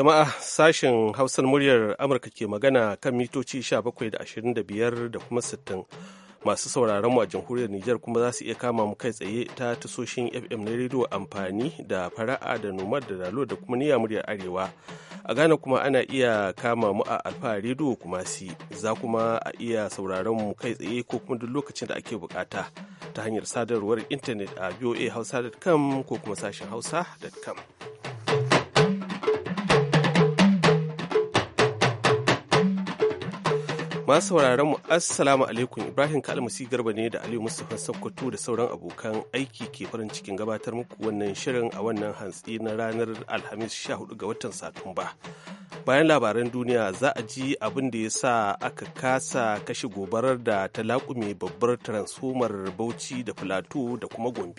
Jama'a sashen Hausar muryar Amurka ke magana kan mitoci 17 da ashirin da kuma 60. Masu sauraron mu a jamhuriyar Nijar kuma za su iya kama mu kai tsaye ta tasoshin FM na rediyo amfani da fara'a da nomad da dalo da kuma niyya muryar Arewa. A Ghana kuma ana iya kama mu a alfa rediyo kuma si za kuma a iya sauraron mu kai tsaye ko kuma duk lokacin da ake bukata ta hanyar sadarwar intanet a voahausa.com ko kuma sashen hausa.com. Masu sauraron mu Assalamu alaikum Ibrahim Kalmasi Garba ne da Aliyu Mustapha Sokoto da sauran abokan aiki ke farin cikin gabatar muku wannan shirin a wannan hantsi na ranar Alhamis 14 ga watan Satumba. Bayan labaran duniya za a ji abin da ya sa aka kasa kashe gobarar da ta laƙume babbar transfomar Bauchi da plateau da kuma Gombe.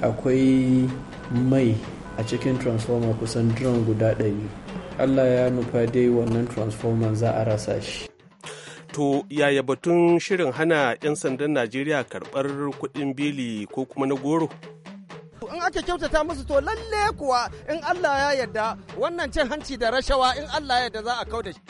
Akwai mai a cikin transformer kusan drone guda ɗari. Allah ya nufa dai wannan transformer za a rasa shi. To yaya batun shirin hana 'yan sandan Najeriya karɓar kuɗin beli ko kuma na goro? in aka kyautata musu to lalle kuwa in Allah ya yarda wannan cin hanci da rashawa in Allah ya yarda za a kauda shi.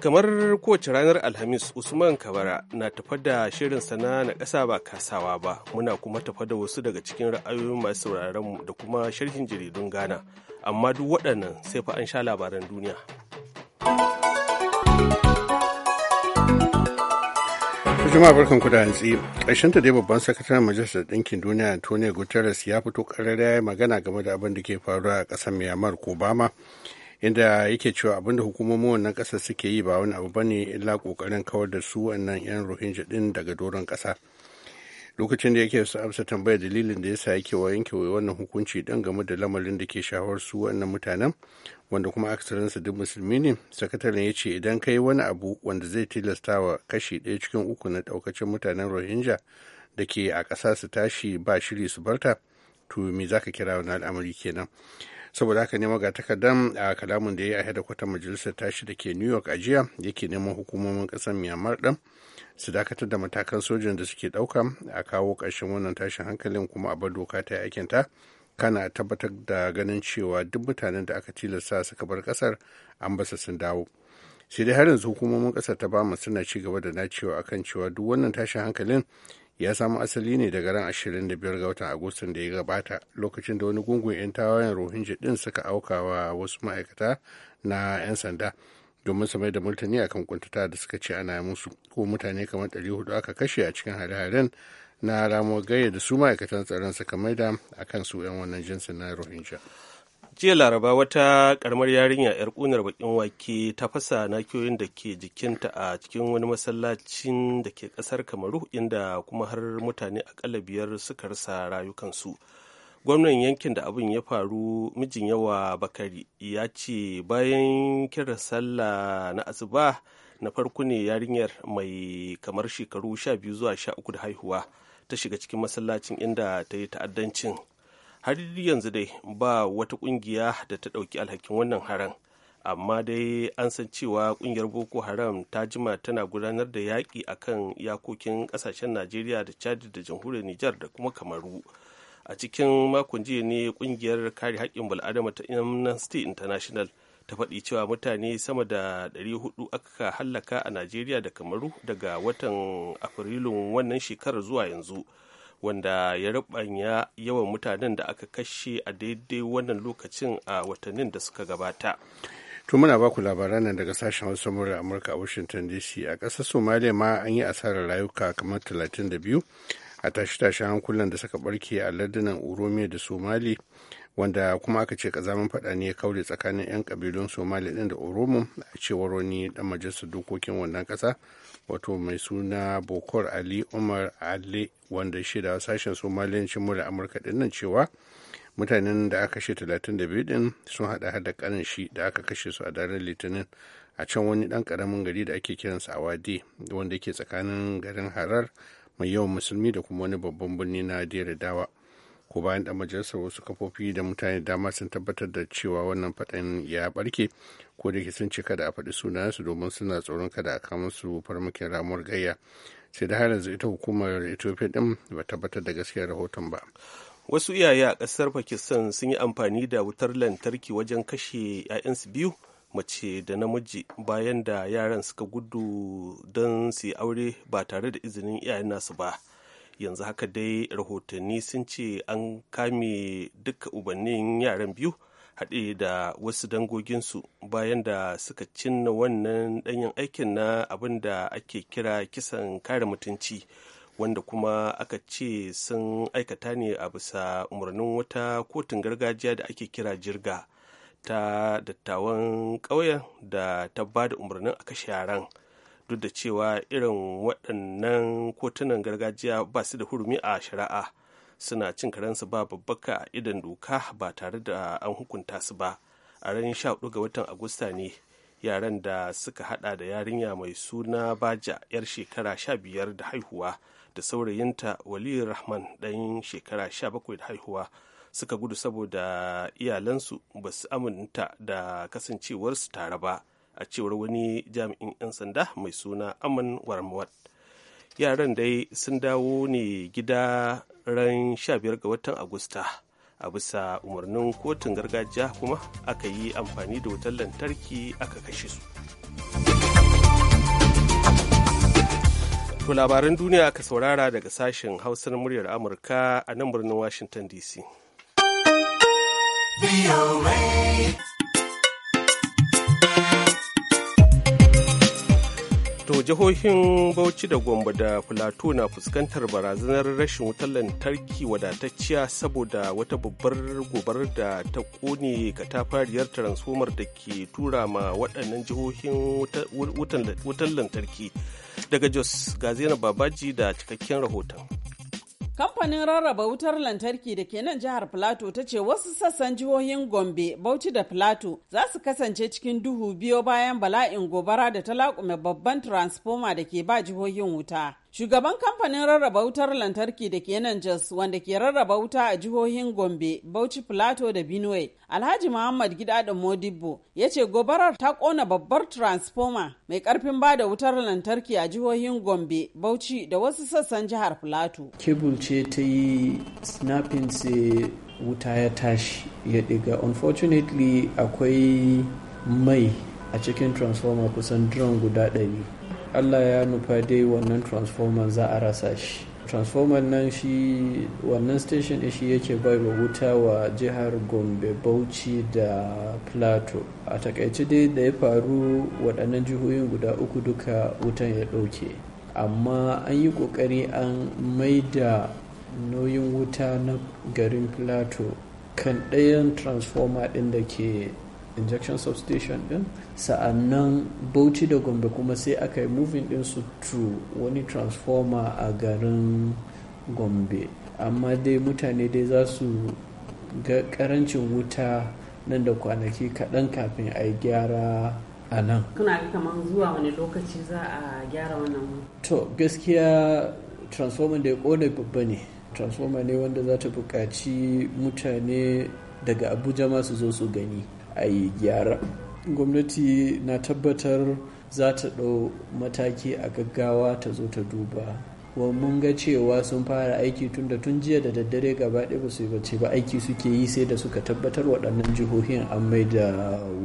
Kamar kowace ranar Alhamis Usman Kabara na tafa da shirin sana na ƙasa ba kasawa ba muna kuma tafa da wasu daga cikin ra'ayoyin masu sauraronmu da kuma sharhin jaridun Ghana amma duk waɗannan sai fa an sha labaran duniya. jama'a barkan ku da hantsi ƙarshen ta dai babban sakataren majalisar ɗinkin duniya antonio guterres ya fito ƙarar ya magana game da abin da ke faruwa a ƙasar myanmar ko bama inda yake cewa abin da hukumomin wannan ƙasar suke yi ba wani abu bane illa ƙoƙarin kawar da su wannan 'yan rohingya ɗin daga doron ƙasa lokacin da yake su amsa tambaya dalilin da yasa yake wa yanke wannan hukunci dan game da lamarin da ke shawar su wannan mutanen wanda kuma su duk musulmi ne sakataren ya ce idan ka yi wani abu wanda zai tilasta wa kashi ɗaya cikin uku na ɗaukacin mutanen rohingya da ke a ƙasa su tashi ba shiri su barta to me zaka kira wani al'amari kenan saboda haka ne takardan a kalamun da ya yi a hedakwatar majalisar tashi da ke new york a jiya yake neman hukumomin kasar myanmar din su dakatar da matakan sojan da suke ɗauka a kawo ƙarshen wannan tashin hankalin kuma a bar doka ta aikinta kana tabbatar da ganin cewa duk mutanen da aka tilasta suka bar kasar an basa sun dawo sai dai har yanzu hukumomin ƙasar ta bama suna ci gaba da nacewa akan cewa duk wannan tashin hankalin ya samu asali ne daga ran 25 ga watan agustan da ya gabata lokacin da wani gungun 'yan tawayen rohingya din suka auka wa wasu ma'aikata na 'yan sanda domin su mai da a akan kuntuta da suka ce ana musu ko mutane kamar 400 aka kashe a cikin hare-haren na ramuwar gayya da su ma'aikatan tsaron suka a kan su 'yan wannan jinsin na rohingya jiya laraba wata karamar yarinya 'yar kunar bakin wake ta fasa nakiyoyin da ke jikinta a cikin wani masallacin da ke kasar kamaru inda kuma har mutane akalla biyar suka rasa rayukansu gwamnan yankin da abin ya faru mijin yawa bakari ya ce bayan kira sallah na asuba na farko ne yarinyar mai kamar shekaru 12 zuwa 13 da haihuwa ta shiga cikin masallacin inda ta yi ta'addancin har yanzu dai ba wata ƙungiya da ta ɗauki alhakin wannan haram amma dai an san cewa ƙungiyar boko haram ta jima tana gudanar da yaƙi a kan iyakokin ƙasashen najeriya da chad da jamhuriyar nijar da kuma kamaru a cikin makon jiya ne ƙungiyar kare haƙƙin bal'adama ta amnesty international ta faɗi cewa mutane sama da 400 aka hallaka a najeriya da kamaru daga watan afrilun wannan shekarar zuwa yanzu wanda ya rubanya yawan mutanen da aka kashe a daidai wannan lokacin a watannin da suka gabata to muna ba ku labaran nan daga sashen wasu murar amurka a washington dc a ƙasar somalia ma an yi asarar rayuka kamar 32 a tashe-tashen hankulan da suka barke a lardunan oromiya da somali wanda kuma aka ce kazamin faɗa ne ya kaure tsakanin 'yan kabilun somali ɗin da oromo a cewar wani ɗan majalisar dokokin wannan kasa wato mai suna bokor ali umar ali wanda shida sashen somaliyancin mura amurka ɗin nan cewa mutanen da aka kashe 32 ɗin sun haɗa da karin shi da aka kashe su a daren litinin a can wani ɗan karamin gari da ake kiransa a wade wanda ke tsakanin garin harar mai yawan musulmi da kuma wani babban birni na dawa ko bayan dan majalisar wasu kafofi da mutane dama sun tabbatar da cewa wannan faɗan ya barke ko da ke sun ce kada a faɗi sunansu domin suna tsoron kada a kama su farmakin ramuwar gayya sai da har yanzu ita hukumar ethiopia din ba tabbatar da gaskiyar rahoton ba wasu iyaye a ƙasar pakistan sun yi amfani da wutar lantarki wajen kashe 'ya'yansu biyu mace da namiji bayan da yaran suka gudu don su yi aure ba tare da izinin iyayen nasu ba yanzu haka dai rahotanni sun ce an kame duka ubannin yaran biyu haɗe da wasu dangoginsu bayan da suka cinna wannan ɗanyen aikin na abin da ake kira kisan kare mutunci wanda kuma aka ce sun aikata ne a bisa umarnin wata kotun gargajiya da ake kira jirga ta dattawan ƙauyen da ta bada umarnin a kashe yaran. duk da cewa irin waɗannan kotunan gargajiya ba su da hurumi a shari'a suna cin karensu ba babbaka idan doka ba tare da an hukunta su ba a ranar sha ga watan agusta ne yaran da suka hada da yarinya mai suna baja yar shekara sha biyar da haihuwa da saurayinta wali rahman ɗan shekara sha bakwai da haihuwa suka gudu saboda iyalansu ba su aminta da kasancewarsu tare ba a cewar wani jami'in 'yan sanda mai suna aman warmawat yaran dai sun dawo ne gida ran 15 ga watan agusta a bisa umarnin kotun gargajiya kuma aka yi amfani da wutar lantarki aka kashe su To labaran duniya aka saurara daga sashen hausar muryar amurka a nan birnin washington dc To jihohin Bauchi da Gombe da Filato na fuskantar barazanar rashin wutar lantarki wadatacciya saboda wata babbar gobar da ta kone katafariyar transformer da ke tura ma waɗannan jihohin wutar lantarki. Daga Jos ga Babaji da cikakken rahoton. Kamfanin rarraba wutar lantarki da ke nan jihar plato ta ce wasu sassan jihohin Gombe, Bauchi da Filato za su kasance cikin duhu biyo bayan bala'in gobara da ta laƙume babban transformer da ke ba jihohin wuta. Shugaban kamfanin rarraba wutar lantarki da ke nan Jos wanda ke rarraba wuta a jihohin Gombe, Bauchi Plateau da Benue, Alhaji Muhammad Gidadin Modibo ya ce gobarar ta kona babbar transformer mai ƙarfin ba da wutar lantarki a jihohin Gombe, Bauchi da wasu sassan jihar Plateau. Kebul ce ta yi snapin sai wuta ya tashi ya ɗiga. Unfortunately akwai mai a cikin transformer kusan drum guda ɗari. allah ya nufa dai wannan transformer za a rasa shi transformer nan shi wannan station shi yake bai wa wuta wa jihar gombe bauchi da plateau a takaice dai da ya faru waɗannan jihohin guda uku duka wutan ya ɗauke amma an yi ƙoƙari an maida nauyin wuta na garin plateau kan ɗayan transformer ɗin da ke injection substation din sa'annan bauchi da gombe kuma sai aka yi moving din su through wani transformer a garin gombe amma dai mutane dai za su ga karancin wuta nan da kwanaki kaɗan kafin a yi gyara a nan kuna kamar zuwa wani lokaci za a gyara wannan to gaskiya transformer da ya kone babba ne transformer ne wanda za ta buƙaci mutane daga abuja masu zo su gani a yi gyara gwamnati na tabbatar za ta ɗau mataki a gaggawa ta zo ta duba kuma mun ga cewa sun fara aiki tun da tun jiya da daddare gaba ɗaya ba su yi bacci ba aiki suke yi sai da suka tabbatar waɗannan jihohin an mai da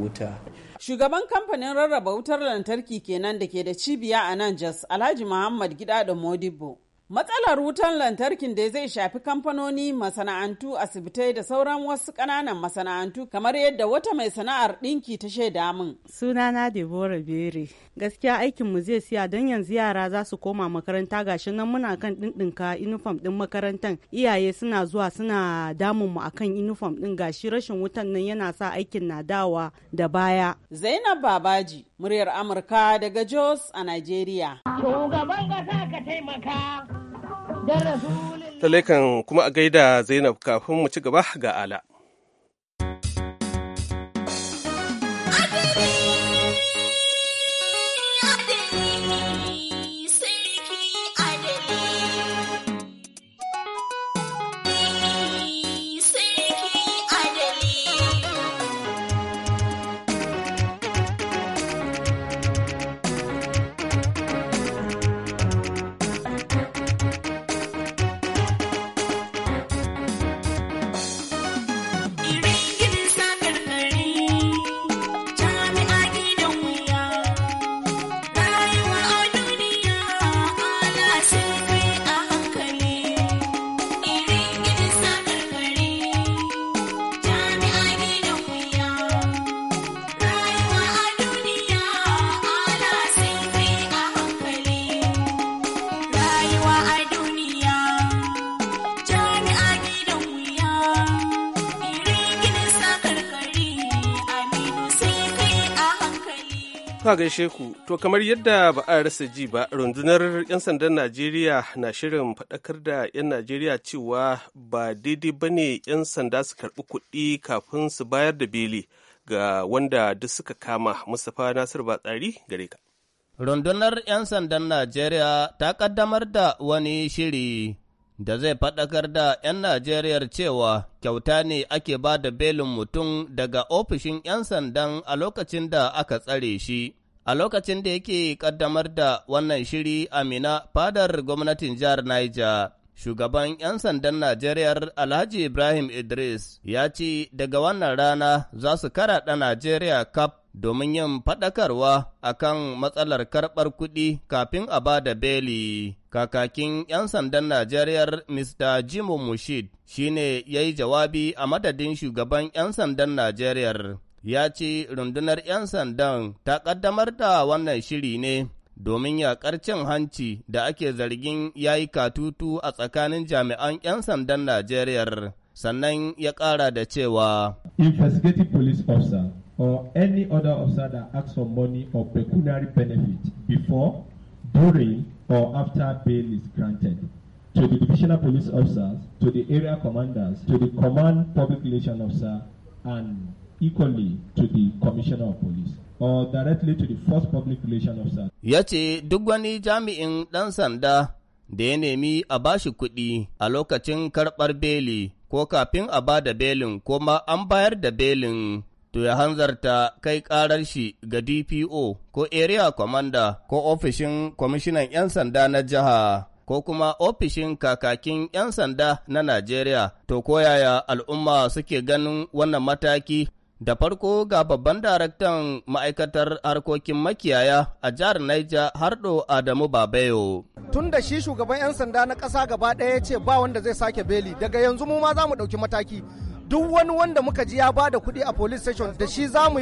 wuta shugaban kamfanin rarraba wutar lantarki kenan da ke da cibiya a nan jos alhaji muhammad gida da modibo Matsalar wutan lantarkin da zai shafi kamfanoni, masana'antu, asibitai da sauran wasu ƙananan masana'antu kamar yadda wata mai sana'ar ɗinki ta shaida min. Sunana Deborah Bere. Gaskiya aikinmu zai siya don yanzu yara za su koma makaranta gashi nan muna kan ɗinɗinka inifom ɗin makarantar. Iyaye suna zuwa suna damun mu akan inifom ɗin gashi rashin wutan nan yana sa aikin na dawa da baya. Zainab Babaji, muryar Amurka daga Jos a Najeriya. Shugaban ƙasa ka taimaka. Lalekan kuma a gaida Zainab kafin mu ci gaba ga Ala. ka gaishe ku, to kamar yadda ba a rasa ji ba, rundunar 'yan sandan Najeriya na shirin faɗakar da 'yan Najeriya cewa ba daidai ba ne 'yan sanda su karɓi kuɗi kafin su bayar da beli ga wanda duk suka kama Mustapha Nasir Batsari gare ka. Rundunar 'yan sandan Najeriya ta ƙaddamar da wani shiri da zai faɗakar da 'yan Najeriyar cewa kyauta ne ake ba da belin mutum daga ofishin 'yan sandan a lokacin da aka tsare shi. A lokacin da yake ƙaddamar da wannan shiri Amina fadar gwamnatin jihar Niger. Shugaban 'yan sandan Najeriya Alhaji Ibrahim Idris ya ce daga wannan rana za su karaɗa Najeriya kaf domin yin faɗakarwa a kan matsalar karɓar kuɗi kafin a ba da beli. Kakakin 'yan sandan Najeriya Mr. Jimo Mushid shi ne ya yi jawabi a madadin shugaban 'yan sandan Najeriya. Ya ce rundunar 'yan sandan ta ƙaddamar da wannan shiri ne domin yaƙar cin hanci da ake zargin ya yi katutu a tsakanin jami'an 'yan sandan Najeriya. sannan ya ƙara da cewa investigative police officer or any other officer that asks for money or pecuniary benefit before during or after bail is granted to the divisional police officers to the area commanders to the command public relations officer and equally to the commissioner of police or directly to the first public relations officer. Ya ce duk wani jami'in ɗan sanda da ya nemi a bashi kuɗi a lokacin karɓar beli ko kafin a ba da belin ko ma an bayar da belin to ya hanzarta kai karar shi ga DPO ko area commander ko ofishin kwamishinan 'yan sanda na jiha. ko kuma ofishin kakakin 'yan sanda na Najeriya, to koyaya al'umma suke ganin wannan mataki Da farko ga babban daraktan ma'aikatar harkokin makiyaya a jihar Naija Hardo Adamu Babayo. Tun da shi shugaban 'yan sanda na ƙasa gaba ɗaya ya ce ba wanda zai sake beli daga yanzu mu ma za mu ɗauki mataki. Duk wani wanda muka ji ya ba da kuɗi a police station da shi za mu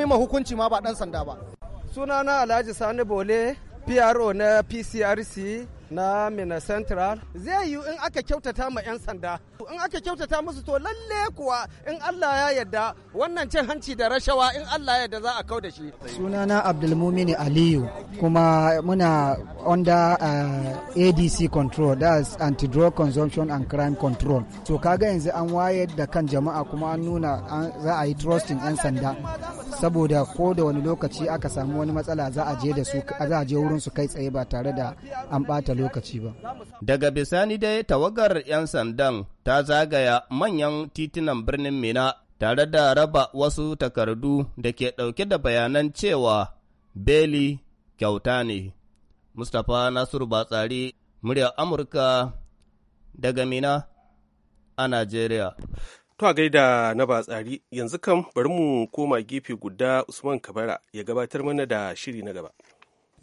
yi ma hukunci ma ba ɗan sanda ba. Sunana Alhaji Sani Bole, PRO na PCRC na Mina Central zai yi in aka kyautata ma 'yan sanda. In aka kyautata musu to lalle kuwa in Allah ya yadda wannan cin hanci da rashawa in Allah ya yadda za a kau da shi. Sunana Abdulmumini Aliyu kuma muna under uh, ADC control that's anti-drug consumption and crime control. So kaga yanzu an wayar da kan jama'a kuma an nuna za a yi trusting 'yan sanda saboda ko da wani lokaci aka samu wani matsala za a je za a je wurin su kai tsaye ba tare da an bata lokaci ba. Daga bisani dai tawagar 'yan sandan ta zagaya manyan titunan birnin Mina tare da raba wasu takardu da ke ɗauke da bayanan cewa beli kyauta ne. Mustapha Nasiru Batsari, muryar Amurka daga Mina a Najeriya. To a gaida na batsari yanzu kan bari mu koma gefe guda Usman Kabara ya gabatar mana da shiri na gaba.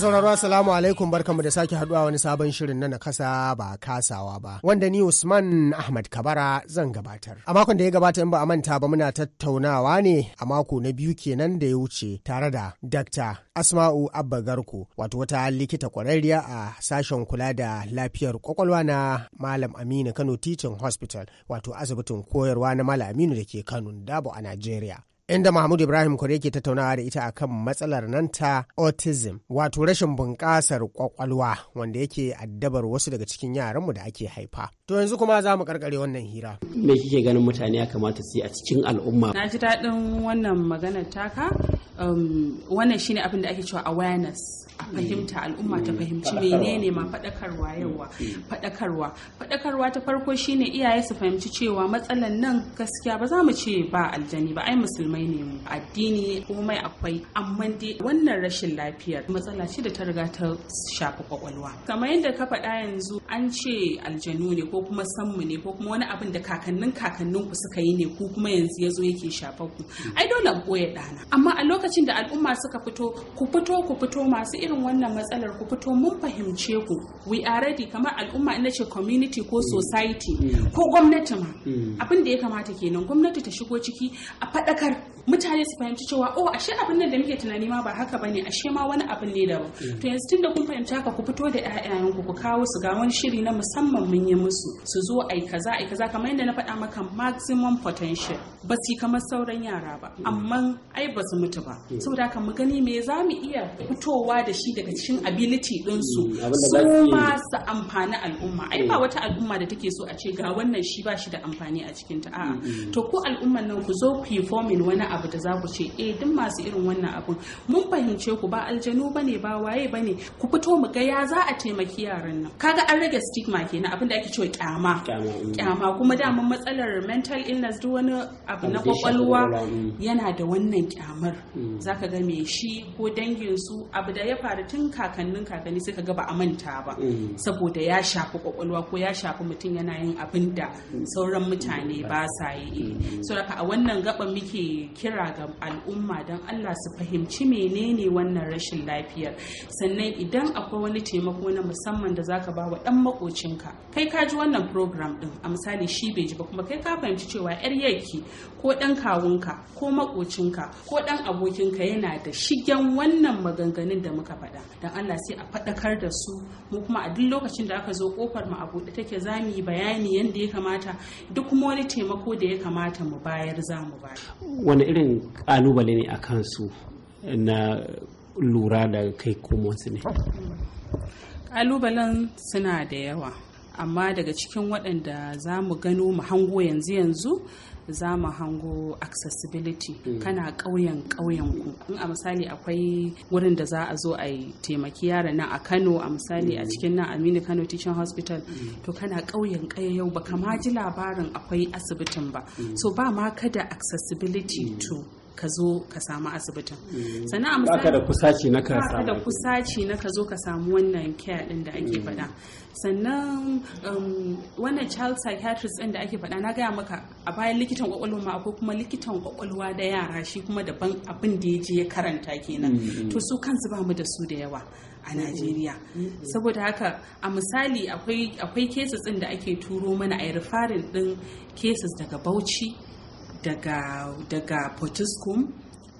sauraro Assalamu alaikum barkamu da sake haduwa wani sabon shirin na nakasa ba kasawa ba wanda ni Usman Ahmad Kabara zan gabatar. A makon da ya gabata in ba a manta ba muna tattaunawa ne a mako na biyu kenan da ya wuce tare da Dr. Asma'u Abba Garko wato wata likita kwararriya a sashen kula da lafiyar kwakwalwa na Malam Aminu Kano Teaching Hospital wato asibitin koyarwa na Malam Aminu da ke Kano Dabo a Najeriya. inda Mahmud Ibrahim Kure ke tattaunawa da ita akan matsalar nan ta autism wato rashin bunƙasar kwakwalwa wanda yake addabar wasu daga cikin yaranmu da ake haifa. To yanzu kuma za mu karkare wannan hira. Me kike ganin mutane ya kamata su yi a cikin al'umma? Na ji daɗin wannan magana taka. Um, wannan shine abin da ake cewa awareness a fahimta al'umma ta fahimci hmm. menene ma faɗakarwa yawa hmm. faɗakarwa faɗakarwa ta farko shine iyaye su fahimci cewa matsalan nan gaskiya ba za mu ce ba aljani ba ai musulmai mai ne addini komai akwai amma dai wannan rashin lafiyar matsala ce da ta riga ta shafi kwakwalwa kamar yadda ka faɗa yanzu an ce aljanu ne ko kuma sanmu ne ko kuma wani abin da kakannin kakannin ku suka yi ne ku kuma yanzu ya zo yake shafar ku ai dole in ɗana amma a lokacin da al'umma suka fito ku fito ku fito masu irin wannan matsalar ku fito mun fahimce ku we are ready kamar al'umma ina ce community ko society ko gwamnati ma mm. Mm. abin da ya kamata kenan gwamnati ta shigo ciki a faɗakar mutane su fahimci cewa oh ashe abin nan da muke tunani ma ba haka bane ashe ma wani abin ne daban mm. to yanzu tunda kun fahimta ka ku fito da ƴaƴayen ku kawo su ga wani shiri na musamman mun yi musu su zo ai kaza ai kaza kamar yadda na faɗa maka maximum potential ba su kamar sauran yara ba mm. amma ai ba su mutu ba mm. saboda haka mu gani me za mu iya fitowa da shi daga cikin ability din su su ma su amfani al'umma ai ba wata al'umma da take so a ce ga wannan shi ba shi da amfani a cikin ta a'a to ko al'umman nan ku zo ku yi forming wani abu da za ku ce eh duk masu irin wannan abun mun fahimce ku ba aljanu bane ba waye bane ku fito mu ga ya za a taimaki yaran nan kaga an rage stigma kenan abin da ake cewa kyama kyama mm. kuma daman matsalar mental illness duk wani abu na kwakwalwa mm. yana da wannan kyamar mm. zaka ga me shi ko dangin su abu da ya faru tun kakannin kakanni suka ga ba a manta ba saboda ya shafi kwakwalwa ko ya shafi mutum yana yin abin da sauran mutane ba sa yi so a wannan gaban muke kira ga al'umma don allah su fahimci menene wannan rashin lafiyar sannan idan akwai wani taimako na musamman da zaka ba wa dan makocinka kai ka ji wannan program din a misali shi bai ji ba kuma kai ka fahimci cewa yar yaki ko dan kawunka ko makocinka ko dan abokinka yana da shigen wannan maganganun da muka faɗa don allah sai a faɗakar da su mu kuma a duk lokacin da aka zo kofar mu a buɗe take za yi bayani yanda ya kamata duk kuma wani taimako da ya kamata mu bayar za mu bayar wani irin kalubale ne a kansu na lura da kai komonsu ne kalubalen suna da yawa amma daga cikin waɗanda za mu gano mu hango yanzu yanzu za mu hango accessibility hmm. kana ƙauyen ƙauyen ku in a misali akwai wurin da za a zo a taimaki yara nan a Kano a misali a hmm. cikin nan Aminu Kano Teaching Hospital hmm. to kana ƙauyen yau ba kama ji labarin akwai asibitin ba so ba ma kada accessibility to ka zo ka samu asibitin mm. sannan a da kusaci ka da kusaci na ka zo ka samu wannan care din da ake mm. faɗa sannan um, wannan child psychiatrist din da ake faɗa na gaya maka a bayan likitan kwakwalwa ma akwai kuma likitan kwakwalwa da yara shi kuma daban abin da ya je ya karanta kenan mm-hmm. to su kansu ba mu da su da yawa a mm-hmm. Najeriya. Mm-hmm. Saboda haka a misali akwai cases ɗin da ake turo mana a yi rifarin ɗin cases daga Bauchi daga daga potiskum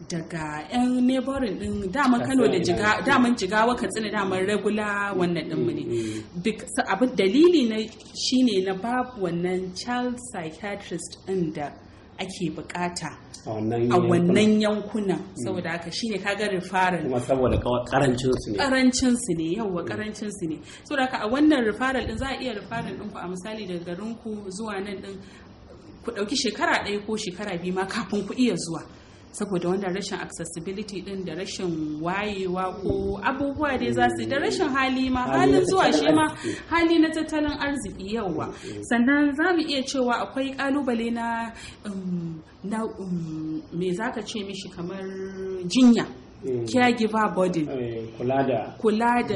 daga yan neighboring din dama kano da jiga daman jigawa katsina daman regular wannan din mu ne mm, mm, mm. abin dalili na shine na babu wannan child psychiatrist din da ake bukata a wannan yankunan saboda haka shine kaga referral kuma saboda karancin su ne karancin su ne yawa karancin su ne saboda haka a wannan referral din za a iya referral din ku a misali daga garin ku zuwa nan din ku ɗauki shekara ɗaya ko shekara biyu ma kafin ku iya zuwa saboda wanda rashin accessibility din da rashin wayewa ko abubuwa dai za su da rashin hali ma halin zuwa shi ma hali na tattalin arziki yauwa mm. sannan za mu iya cewa akwai kalubale na um, um, me ka ce mishi kamar jinya Eh, caregiver body eh, kula da kula da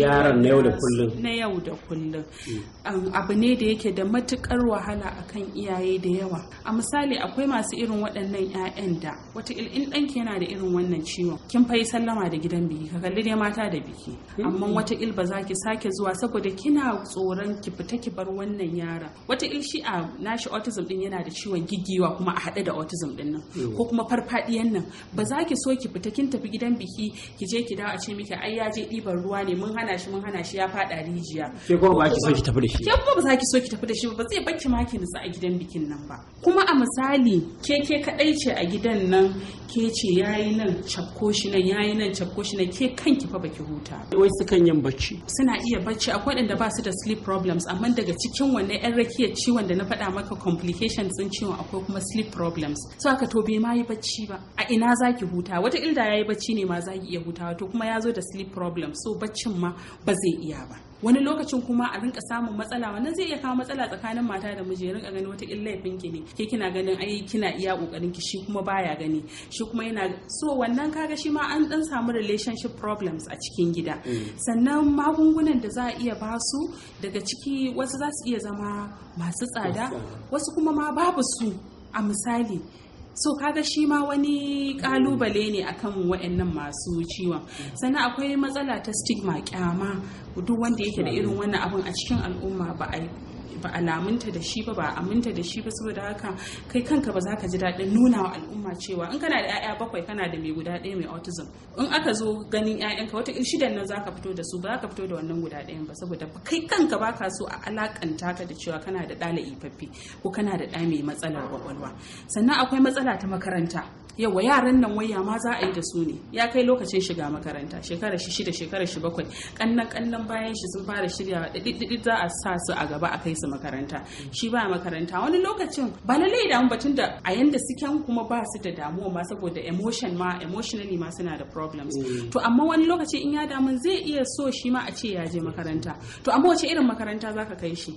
yaron na yau da kullum na yau da kullum hmm. abu ne da yake da matukar wahala akan iyaye da yawa a misali akwai masu irin waɗannan 'ya'yan da wata in ɗanki yana da irin wannan ciwon kin fayi sallama da gidan biki ka kalli ne mata da biki hmm. amma wata il ba za ki sake zuwa saboda kina tsoron ki fita ki bar wannan yaron wata il shi a nashi autism din yana da ciwon gigiwa kuma a haɗe da autism din nan hmm. ko kuma farfadiyan nan ba za ki so ki fita kin tafi tafi gidan biki ki je ki dawo a ce miki ai ya je ɗiban ruwa ne mun hana shi mun hana shi ya faɗa rijiya ke kuma ba ki so ki tafi da shi ke kuma ba za ki so ki tafi da shi ba zai baki ma ki nutsu a gidan bikin nan ba kuma a misali ke ke kadai ce a gidan nan ke ce yayi nan cakko shi nan yayi nan cakko shi nan ke kanki fa baki huta wai sukan yin bacci suna iya bacci akwai waɗanda ba su da sleep problems amma daga cikin wannan yan rakiyar ciwon da na faɗa maka complications sun ciwon akwai kuma sleep problems so aka to bai ma yi bacci ba a ina zaki huta wata ilda yayi bacci ne ma za ki iya hutawa to kuma ya zo da sleep problem so baccin ma ba zai iya ba wani lokacin kuma a rinka samun matsala wannan zai iya kawo matsala tsakanin mata da miji rinka gani wata illa laifin ki ne ke kina ganin ai kina iya kokarin ki shi kuma baya gani shi kuma yana so wannan kaga shi ma an dan samu relationship problems a cikin gida mm. sannan magungunan da za a iya basu daga ciki wasu za su iya zama masu tsada wasu kuma ma babu su a misali so kaga shi ma wani kalubale ne akan waɗannan masu ciwon sannan akwai matsala ta stigma kyama duk wanda yake da irin wannan abun a cikin al'umma ba a ba a namunta da shi ba ba a aminta da shi ba saboda haka kai kanka ba za ka ji daɗin nuna wa al'umma cewa in kana da 'ya'ya bakwai kana da mai guda ɗaya mai autism in aka zo ganin 'ya'yanka wata shidan nan za ka fito da su ba za ka fito da wannan guda ɗayan ba saboda kai kanka ba ka so a alakanta ka da cewa kana da ɗalibi ko kana da ɗa mai matsalar kwakwalwa sannan akwai matsala ta makaranta wa yaran nan waya ma za a yi da su ne ya kai lokacin shiga makaranta shekara shi shida shekara shi bakwai kannan kannan bayan shi sun fara shirya didi za a sa su a gaba a kai su makaranta shi ba makaranta wani lokacin ba lalle da batun da a yanda suke kuma ba su da damuwa ma saboda emotion ma emotionally ma suna da problems mm. to amma wani lokaci in ya damu zai iya so shi ma a ce ya je makaranta to amma wace irin makaranta zaka kai shi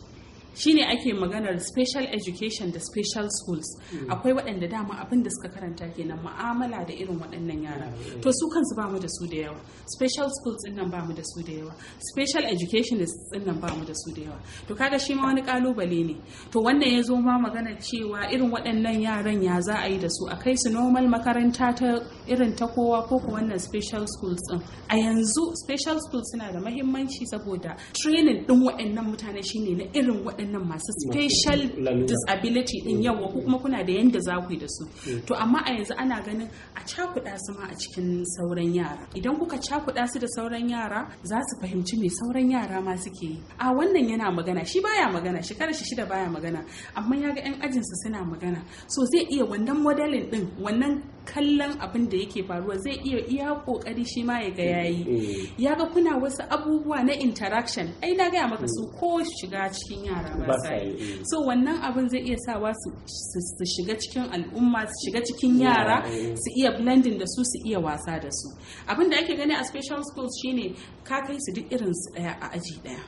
shine ake maganar special education da special schools hmm. akwai waɗanda dama abin da suka karanta kenan ma'amala da irin waɗannan yara hmm. Hmm. to su kansu ba mu da su da yawa special schools din nan ba mu da su da yawa special education din nan ba mu da su da yawa to kada shi ma wani kalubale ne to wannan ya zo ma magana cewa irin waɗannan yaran ya za a yi da su a kai su normal makaranta ta irin ta kowa ko ko wannan special schools din a yanzu special schools suna da mahimmanci saboda training din waɗannan mutane shine na irin waɗannan masu special disability ɗin mm. yawa ko kuma kuna da yanda za ku yi da su mm. to amma a yanzu ana ganin a cakuɗa su ma a cikin sauran yara idan kuka cakuɗa su da sauran yara za su fahimci me sauran yara ma suke yi a wannan yana magana shi baya magana shekarar shi shida baya magana amma ya ga 'yan ajinsa suna magana so zai iya wannan modelin din wannan kallon abin da yake faruwa zai iya iya kokari shi ma ya ga mm. yayi mm. ya ga kuna wasu abubuwa na interaction ai na gaya maka su mm. ko shiga cikin yara ba sai so wannan abin zai iya sawa su shiga cikin al'umma su shiga cikin yara su iya blending da su su iya wasa da su abin da ake gani a special schools shine ka kai su duk irin su daya a aji daya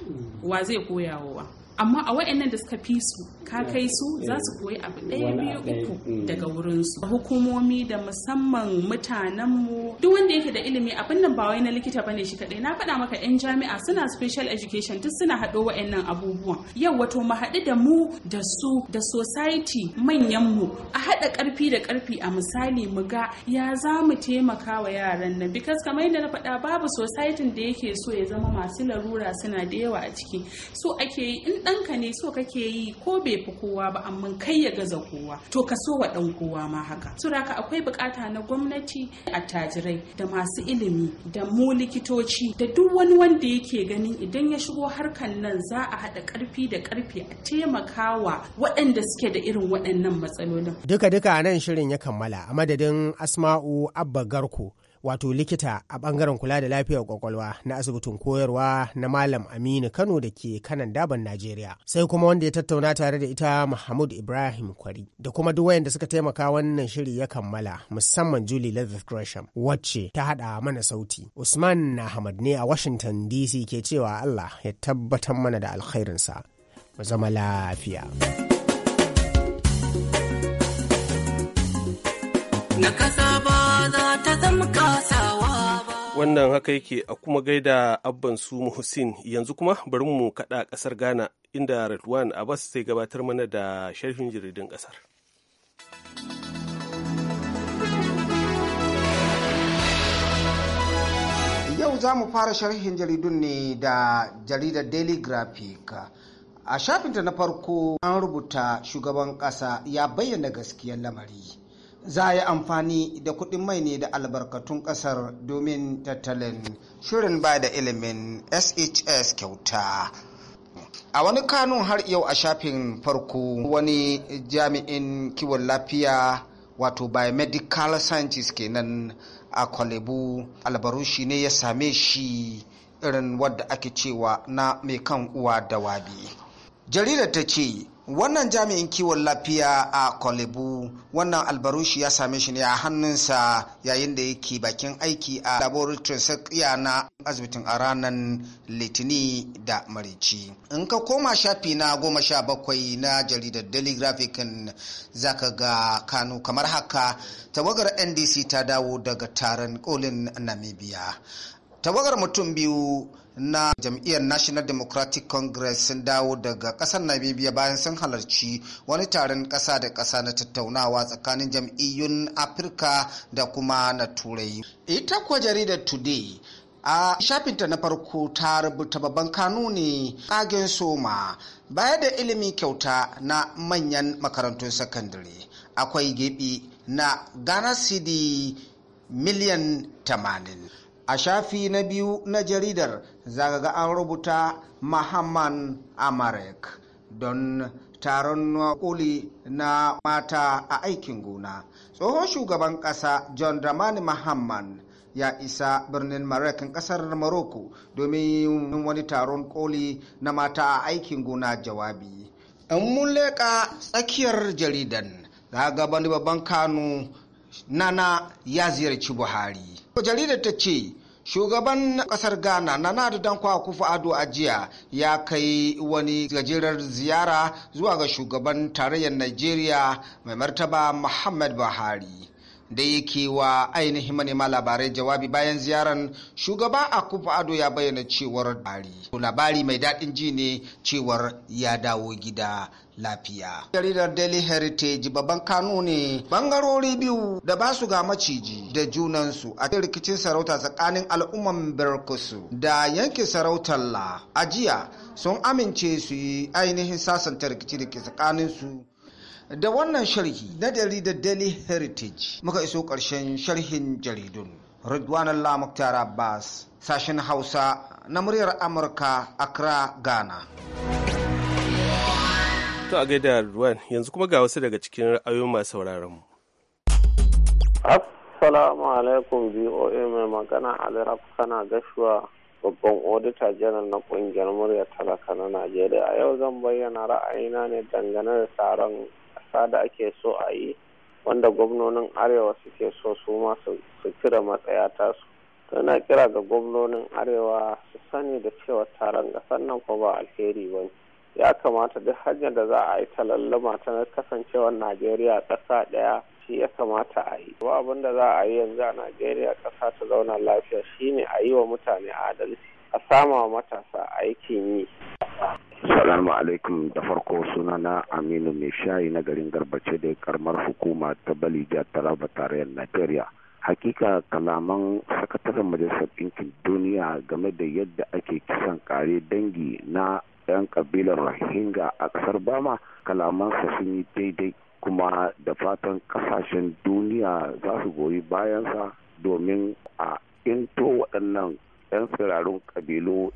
wa zai koyawa amma a wa'annan da suka fi su ka kai su za su koyi abu ɗaya biyu uku mm. daga wurinsu hukumomi da musamman mutanenmu duk wanda yake da ilimi abin nan ba wai na likita bane shi kaɗai na faɗa maka 'yan jami'a suna special education duk suna haɗo wa'annan abubuwan yau wato mu haɗu da mu da su da society manyanmu a haɗa ƙarfi da ƙarfi a misali mu ga ya za mu taimaka wa yaran nan because kamar yadda na faɗa babu society da yake so ya zama masu larura suna da yawa a ciki so ake yi in ɗanka ne so kake yi ko bai fi kowa ba amma kai ya gaza kowa to ka so wa ɗan kowa ma haka suraka akwai bukata na gwamnati attajirai da masu ilimi da mu likitoci da duk wani wanda yake ganin idan ya shigo harkan nan za a haɗa ƙarfi da ƙarfi a taimakawa waɗanda suke da irin waɗannan matsalolin duka duka nan shirin ya kammala a madadin asma'u abba garko wato likita a bangaren kula da lafiyar kwakwalwa na asibitin koyarwa na malam aminu kano da ke kanan daban najeriya sai kuma wanda ya tattauna tare da ita mahmud ibrahim kwari da kuma duk wayanda suka taimaka wannan shiri ya kammala musamman julie leather gresham wacce ta hada mana sauti usman hamad ne a washington dc ke cewa allah ya tabbatar mana da alkhairinsa mu zama lafiya. Na kasa ba za Wannan haka yake a kuma gaida abban su Muhsin yanzu kuma bari mu kaɗa ƙasar Ghana inda Redwan Abbas zai gabatar mana da sharhin jaridun ƙasar. Yau za mu fara sharhin jaridun ne da jaridar Daily Graphic. A shafinta na farko an rubuta shugaban ƙasa ya bayyana gaskiyar lamari. za a yi amfani da kuɗin mai ne da albarkatun ƙasar domin tattalin shirin ba da ilimin shs kyauta a wani kanun har yau a shafin farko wani jami'in kiwon lafiya wato biomedical Sciences kenan a kwalebu albarushi ne ya same shi irin wadda ake cewa na mai kan uwa dawabi. wabi jaridar ta ce wannan jami'in kiwon lafiya a Kolebu wannan albarushi ya same shi ne a hannunsa yayin da yake bakin aiki a laboratory sakiya na asibitin a ranar litini da marici in ka koma shafi na goma sha bakwai na jaridar daily graphic zaka ga kano kamar haka tawagar ndc ta dawo daga taron kolin namibia tawagar mutum biyu na jam'iyyar national democratic congress sun dawo daga kasar namibia bayan sun halarci wani taron kasa da kasa na tattaunawa tsakanin jam'iyyun afirka da kuma na turai ita kuwa jaridar today a shafinta na farko ta rubuta babban kanuni kagen soma baya da ilimi kyauta na manyan makarantun sakandare akwai gebe na ghana city miliyan 80 a shafi na biyu na jaridar zagaga an rubuta mahamman amarek don taron koli na mata a aikin gona tsohon shugaban ƙasa john dramani mahamman ya isa birnin marakin kasar maroko domin wani taron koli na mata a aikin gona jawabi an mun tsakiyar jaridan za ga wani babban kano nana ya ziyarci buhari jaridar ta ce Shugaban kasar Ghana na Nana dan kufa Ado a jiya ya kai wani gajerar ziyara zuwa ga shugaban tarayyar nigeria mai martaba Muhammad Buhari. da yake wa ainihin manema labarai jawabi bayan ziyaran shugaba a akufa ado ya bayyana cewar labari mai daɗin ji ne cewar ya dawo gida lafiya. Jaridar Daily Heritage babban kano ne bangarori biyu da ba su ga maciji da junansu a rikicin sarauta tsakanin al'umman Berkusu da yankin sarautar la a jiya sun amince su yi ainihin sasanta rikici da ke su da wannan sharhi na jaridar daily heritage muka iso ƙarshen sharhin jaridun ridwana Lamuktar abbas sashen hausa na muryar amurka accra ghana to a gaida ridwan yanzu kuma ga wasu daga cikin ra'ayoyin masu sauraron mu assalamu alaikum voa mai magana Ali kana gashuwa babban odita janar na kungiyar murya talaka na najeriya a yau zan bayyana ra'ayina ne dangane da taron ƙasa da ake so a yi wanda gwamnonin arewa suke so su ma su kira matsaya tasu tana kira ga gwamnonin arewa su sani da cewa taron ƙasar nan ko ba alheri ba ya kamata duk hanyar da za a yi ta lallama ta kasancewar najeriya ƙasa ɗaya shi ya kamata a yi ba abin da za a yi yanzu a najeriya ƙasa ta zauna lafiya shine a yi wa mutane adalci a sama matasa aikin yi Salamu alaikum da farko suna Aminu mai shayi na garin garbace da karmar hukuma ta Balija Taraba tarayyar Najeriya. Hakika kalaman sakataren Majalisar Ɗinkin Duniya game da yadda ake kisan kare dangi na 'yan kabilar Rohingya a ƙasar Bama kalamansa sun yi daidai kuma da fatan ƙasashen duniya za su goyi bayansa domin a into waɗannan 'yan tsirarun ƙabilu.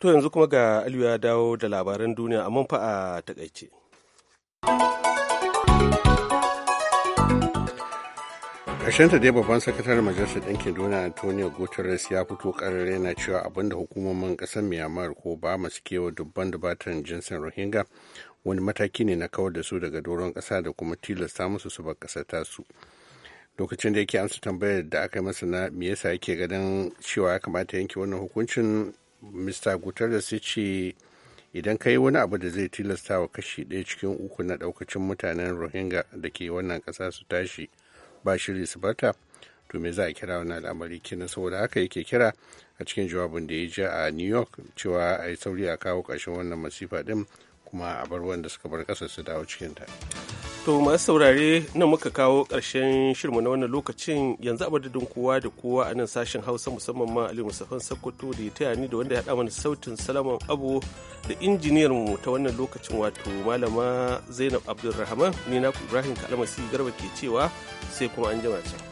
To yanzu kuma ga Aliyu ya dawo da labaran duniya a fa a takaice. ta dai babban sakataren majalisar ɗinkin duniya antonio guterres ya fito ƙarar yana cewa abinda hukumomin ƙasar myanmar ko ba masu kewa dubban dubatan jinsin rohingya wani mataki ne na kawar da su daga doron ƙasa da kuma tilasta musu su bar ƙasar tasu lokacin da yake amsa tambayar da aka masa na me yasa yake ganin cewa ya kamata yanke wannan hukuncin mista guterres ya ce idan ka yi wani abu da zai tilasta wa kashi ɗaya cikin uku na ɗaukacin mutanen rohingya da ke wannan ƙasa su tashi ba shiri su barta to me za a kira wani al'amari kina saboda haka yake kira a cikin jawabin da ya ji a new york cewa a yi sauri a kawo ƙarshen wannan masifa ɗin kuma a bar wanda suka bar ƙasa su dawo cikin ta. To masu saurare na muka kawo ƙarshen shirmu na wannan lokacin yanzu a kowa da kowa a nan sashen Hausa musamman ma Ali Musafan Sokoto da ya taya da wanda ya haɗa mana sautin Salaman Abu da injiniyar mu ta wannan lokacin wato Malama Zainab Abdulrahman ni na Ibrahim kalamasi Garba ke cewa sai kuma an jima can.